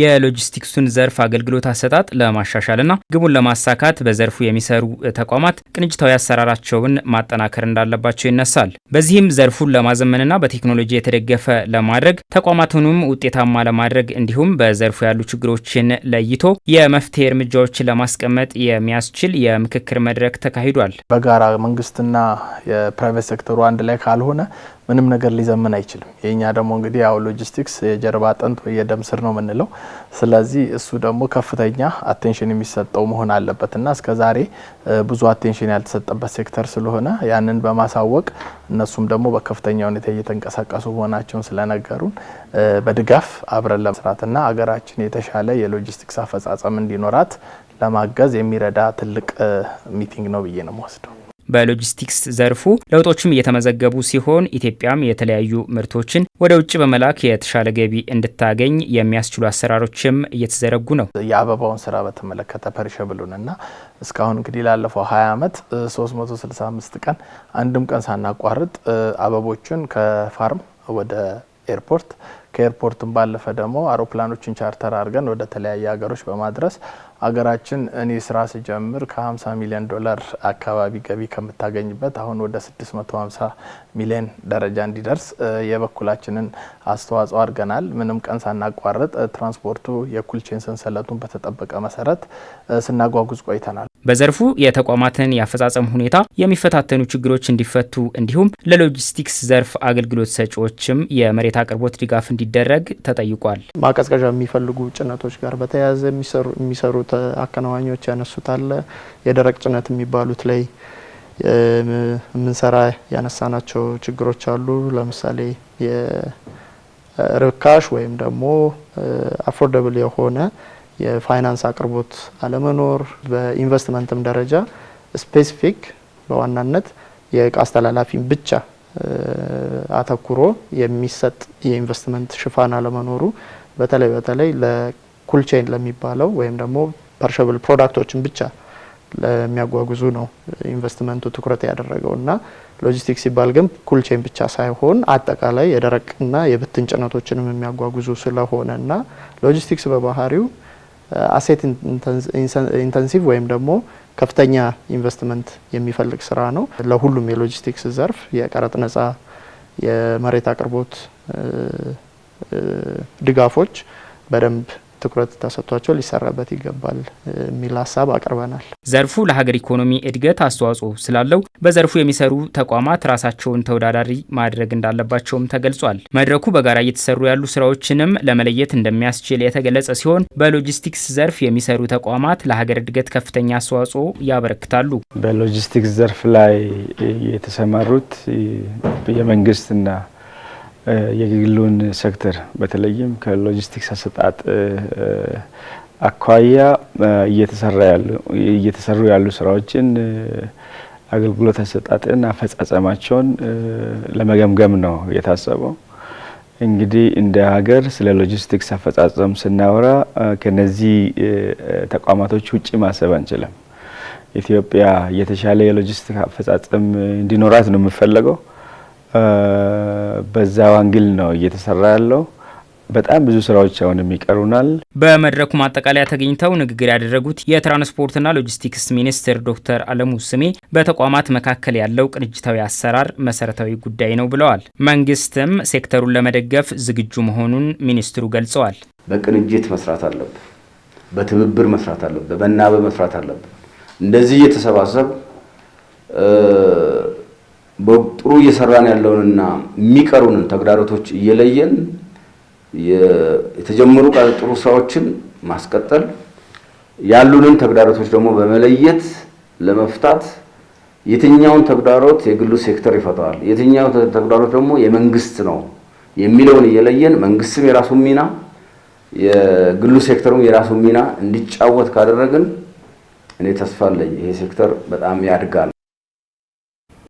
የሎጂስቲክሱን ዘርፍ አገልግሎት አሰጣጥ ለማሻሻልና ግቡን ለማሳካት በዘርፉ የሚሰሩ ተቋማት ቅንጅታዊ አሰራራቸውን ማጠናከር እንዳለባቸው ይነሳል። በዚህም ዘርፉን ለማዘመንና በቴክኖሎጂ የተደገፈ ለማድረግ ተቋማቱንም ውጤታማ ለማድረግ እንዲሁም በዘርፉ ያሉ ችግሮችን ለይቶ የመፍትሄ እርምጃዎችን ለማስቀመጥ የሚያስችል የምክክር መድረክ ተካሂዷል። በጋራ መንግስትና የፕራይቬት ሴክተሩ አንድ ላይ ካልሆነ ምንም ነገር ሊዘምን አይችልም። የእኛ ደግሞ እንግዲህ ያው ሎጂስቲክስ የጀርባ አጥንት ወይ የደም ስር ነው የምንለው ስለዚህ እሱ ደግሞ ከፍተኛ አቴንሽን የሚሰጠው መሆን አለበት እና እስከ ዛሬ ብዙ አቴንሽን ያልተሰጠበት ሴክተር ስለሆነ ያንን በማሳወቅ እነሱም ደግሞ በከፍተኛ ሁኔታ እየተንቀሳቀሱ መሆናቸውን ስለነገሩን በድጋፍ አብረን ለመስራትና አገራችን የተሻለ የሎጂስቲክስ አፈጻጸም እንዲኖራት ለማገዝ የሚረዳ ትልቅ ሚቲንግ ነው ብዬ ነው የምወስደው። በሎጂስቲክስ ዘርፉ ለውጦችም እየተመዘገቡ ሲሆን ኢትዮጵያም የተለያዩ ምርቶችን ወደ ውጭ በመላክ የተሻለ ገቢ እንድታገኝ የሚያስችሉ አሰራሮችም እየተዘረጉ ነው። የአበባውን ስራ በተመለከተ ፐሪሸብሉንና እስካሁን እንግዲህ ላለፈው 20 ዓመት 365 ቀን አንድም ቀን ሳናቋርጥ አበቦችን ከፋርም ወደ ኤርፖርት ከኤርፖርትም ባለፈ ደግሞ አውሮፕላኖችን ቻርተር አድርገን ወደ ተለያየ ሀገሮች በማድረስ አገራችን እኔ ስራ ስጀምር ከ50 ሚሊዮን ዶላር አካባቢ ገቢ ከምታገኝበት አሁን ወደ 650 ሚሊዮን ደረጃ እንዲደርስ የበኩላችንን አስተዋጽኦ አድርገናል። ምንም ቀን ሳናቋርጥ ትራንስፖርቱ የኩልቼን ሰንሰለቱን በተጠበቀ መሰረት ስናጓጉዝ ቆይተናል። በዘርፉ የተቋማትን የአፈጻጸም ሁኔታ የሚፈታተኑ ችግሮች እንዲፈቱ እንዲሁም ለሎጂስቲክስ ዘርፍ አገልግሎት ሰጪዎችም የመሬት አቅርቦት ድጋፍ እንዲደረግ ተጠይቋል። ማቀዝቀዣ የሚፈልጉ ጭነቶች ጋር በተያያዘ የሚሰሩት አከናዋኞች ያነሱት አለ። የደረቅ ጭነት የሚባሉት ላይ የምንሰራ ያነሳናቸው ችግሮች አሉ። ለምሳሌ የርካሽ ወይም ደግሞ አፎርደብል የሆነ የፋይናንስ አቅርቦት አለመኖር፣ በኢንቨስትመንትም ደረጃ ስፔሲፊክ በዋናነት የእቃ አስተላላፊን ብቻ አተኩሮ የሚሰጥ የኢንቨስትመንት ሽፋን አለመኖሩ በተለይ በተለይ ለኩልቼን ለሚባለው ወይም ደግሞ ፐርሸብል ፕሮዳክቶችን ብቻ ለሚያጓጉዙ ነው ኢንቨስትመንቱ ትኩረት ያደረገው እና ሎጂስቲክስ ሲባል ግን ኩልቼን ብቻ ሳይሆን አጠቃላይ የደረቅና የብትን ጭነቶችንም የሚያጓጉዙ ስለሆነ እና ሎጂስቲክስ በባህሪው አሴት ኢንተንሲቭ ወይም ደግሞ ከፍተኛ ኢንቨስትመንት የሚፈልግ ስራ ነው። ለሁሉም የሎጂስቲክስ ዘርፍ የቀረጥ ነጻ የመሬት አቅርቦት ድጋፎች በደንብ ትኩረት ተሰጥቷቸው ሊሰራበት ይገባል የሚል ሀሳብ አቅርበናል። ዘርፉ ለሀገር ኢኮኖሚ እድገት አስተዋጽኦ ስላለው በዘርፉ የሚሰሩ ተቋማት ራሳቸውን ተወዳዳሪ ማድረግ እንዳለባቸውም ተገልጿል። መድረኩ በጋራ እየተሰሩ ያሉ ስራዎችንም ለመለየት እንደሚያስችል የተገለጸ ሲሆን በሎጂስቲክስ ዘርፍ የሚሰሩ ተቋማት ለሀገር እድገት ከፍተኛ አስተዋጽኦ ያበረክታሉ። በሎጂስቲክስ ዘርፍ ላይ የተሰማሩት የመንግስትና የግሉን ሴክተር በተለይም ከሎጂስቲክስ አሰጣጥ አኳያ እየተሰሩ ያሉ ስራዎችን አገልግሎት አሰጣጥን አፈጻጸማቸውን ለመገምገም ነው የታሰበው። እንግዲህ እንደ ሀገር ስለ ሎጂስቲክስ አፈጻጸም ስናወራ ከነዚህ ተቋማቶች ውጭ ማሰብ አንችልም። ኢትዮጵያ የተሻለ የሎጂስቲክስ አፈጻጸም እንዲኖራት ነው የምፈለገው። በዛ አንግል ነው እየተሰራ ያለው። በጣም ብዙ ስራዎች አሁንም ይቀሩናል። በመድረኩ ማጠቃለያ ተገኝተው ንግግር ያደረጉት የትራንስፖርትና ሎጂስቲክስ ሚኒስትር ዶክተር አለሙ ስሜ በተቋማት መካከል ያለው ቅንጅታዊ አሰራር መሰረታዊ ጉዳይ ነው ብለዋል። መንግስትም ሴክተሩን ለመደገፍ ዝግጁ መሆኑን ሚኒስትሩ ገልጸዋል። በቅንጅት መስራት አለብን፣ በትብብር መስራት አለብን፣ በመናበብ መስራት አለብን። እንደዚህ እየተሰባሰብ ጥሩ እየሰራን ያለውንና የሚቀሩንን ተግዳሮቶች እየለየን የተጀመሩ ጥሩ ስራዎችን ማስቀጠል ያሉንን ተግዳሮቶች ደግሞ በመለየት ለመፍታት የትኛውን ተግዳሮት የግሉ ሴክተር ይፈታዋል፣ የትኛው ተግዳሮት ደግሞ የመንግስት ነው የሚለውን እየለየን መንግስትም የራሱ ሚና የግሉ ሴክተሩም የራሱ ሚና እንዲጫወት ካደረግን እኔ ተስፋ አለኝ ይሄ ሴክተር በጣም ያድጋል።